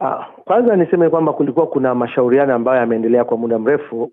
Ah, kwanza niseme kwamba kulikuwa kuna mashauriano ambayo yameendelea kwa muda mrefu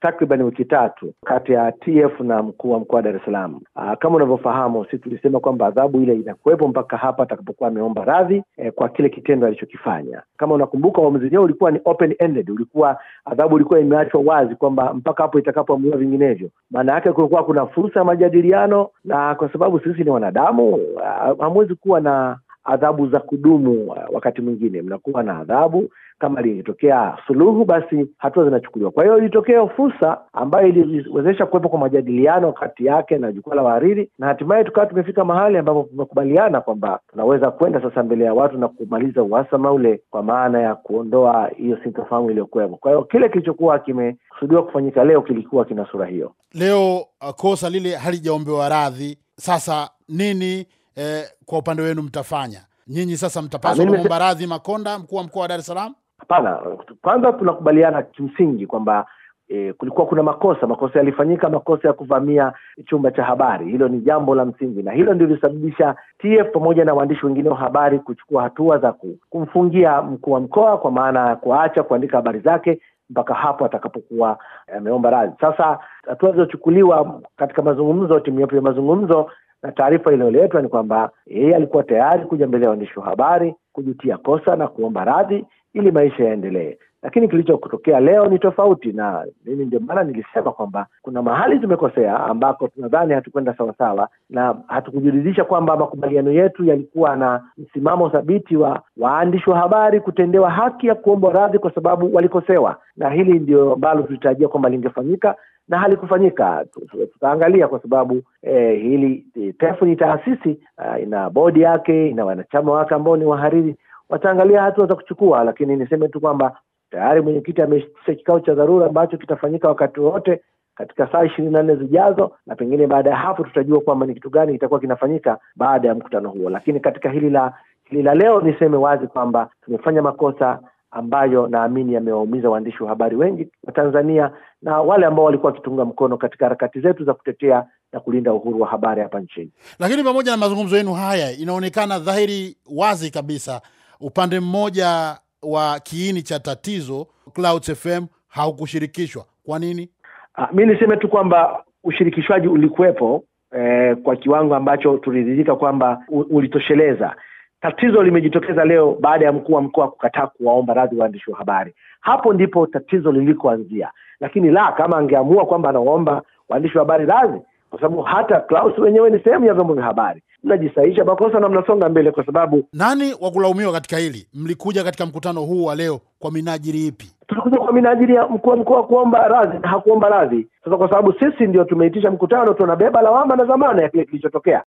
takriban wiki tatu kati ya TF na mkuu wa mkoa wa Dar es Salaam. Ah, kama unavyofahamu sisi tulisema kwamba adhabu ile inakuwepo mpaka hapa atakapokuwa ameomba radhi eh, kwa kile kitendo alichokifanya. Kama unakumbuka uamuzi wenyewe ulikuwa ni open ended, ulikuwa adhabu ilikuwa imeachwa wazi kwamba mpaka hapo itakapoamua, vinginevyo maana yake kulikuwa kuna fursa ya majadiliano, na kwa sababu sisi ni wanadamu ah, hamwezi kuwa na adhabu za kudumu. Uh, wakati mwingine mnakuwa na adhabu kama lilitokea suluhu, basi hatua zinachukuliwa. Kwa hiyo ilitokea fursa ambayo iliwezesha kuwepo kwa majadiliano kati yake na jukwaa la wahariri, na hatimaye tukawa tumefika mahali ambapo tumekubaliana kwamba tunaweza kwenda sasa mbele ya watu na kumaliza uhasama ule, kwa maana ya kuondoa hiyo sintofahamu iliyokuwepo. Kwa hiyo kile kilichokuwa kimekusudiwa kufanyika leo kilikuwa kina sura hiyo. Leo uh, kosa lile halijaombewa radhi. Sasa nini eh, kwa upande wenu mtafanya nyinyi sasa, mtapaswa ah, kuomba radhi Makonda, mkuu wa mkoa wa Dar es Salaam? Hapana, kwanza tunakubaliana kimsingi kwamba E, kulikuwa kuna makosa makosa yalifanyika, makosa ya kuvamia chumba cha habari. Hilo ni jambo la msingi, na hilo ndio lilisababisha TF pamoja na waandishi wengine wa habari kuchukua hatua za kumfungia mkuu wa mkoa, kwa maana ya kuacha kuandika habari zake mpaka hapo atakapokuwa ameomba radhi. Sasa hatua zilizochukuliwa katika mazungumzo, timu yetu ya mazungumzo na taarifa iliyoletwa ni kwamba yeye alikuwa tayari kuja mbele ya waandishi wa habari kujutia kosa na kuomba radhi ili maisha yaendelee lakini kilichotokea leo ni tofauti, na mimi ndio maana nilisema kwamba kuna mahali tumekosea ambako tunadhani hatukwenda sawasawa na hatukujuridisha kwamba makubaliano yetu yalikuwa na msimamo thabiti wa waandishi wa habari kutendewa haki ya kuomba radhi kwa sababu walikosewa, na hili ndio ambalo tulitarajia kwamba lingefanyika na halikufanyika. Tutaangalia kwa sababu eh, hili eh, tefu ni taasisi uh, ina bodi yake, ina wanachama wake ambao ni wahariri wataangalia hatua za kuchukua, lakini niseme tu kwamba Tayari mwenyekiti ameitisha kikao cha dharura ambacho kitafanyika wakati wowote katika saa ishirini na nne zijazo, na pengine baada ya hapo tutajua kwamba ni kitu gani kitakuwa kinafanyika baada ya mkutano huo. Lakini katika hili la hili la leo, niseme wazi kwamba tumefanya makosa ambayo naamini yamewaumiza waandishi wa habari wengi wa Tanzania na wale ambao walikuwa wakitunga mkono katika harakati zetu za kutetea na kulinda uhuru wa habari hapa nchini. Lakini pamoja na mazungumzo yenu haya, inaonekana dhahiri wazi kabisa upande mmoja wa kiini cha tatizo Clouds FM haukushirikishwa kwa nini? Ah, mi niseme tu kwamba ushirikishwaji ulikuwepo eh, kwa kiwango ambacho tuliridhika kwamba ulitosheleza. Tatizo limejitokeza leo baada ya mkuu wa mkoa kukataa kuwaomba radhi waandishi wa habari. Hapo ndipo tatizo lilikoanzia, lakini la kama angeamua kwamba anawaomba waandishi wa habari radhi, sababu hata Klaus wenyewe ni sehemu ya vyombo vya habari. Mnajisahisha makosa na mnasonga mbele, kwa sababu nani wa kulaumiwa katika hili? Mlikuja katika mkutano huu wa leo kwa minajili ipi? Tulikuja kwa minajili ya mkuu wa mkoa kuomba radhi na hakuomba radhi. Sasa kwa sababu sisi ndio tumeitisha mkutano, tunabeba lawama na dhamana ya kile kilichotokea.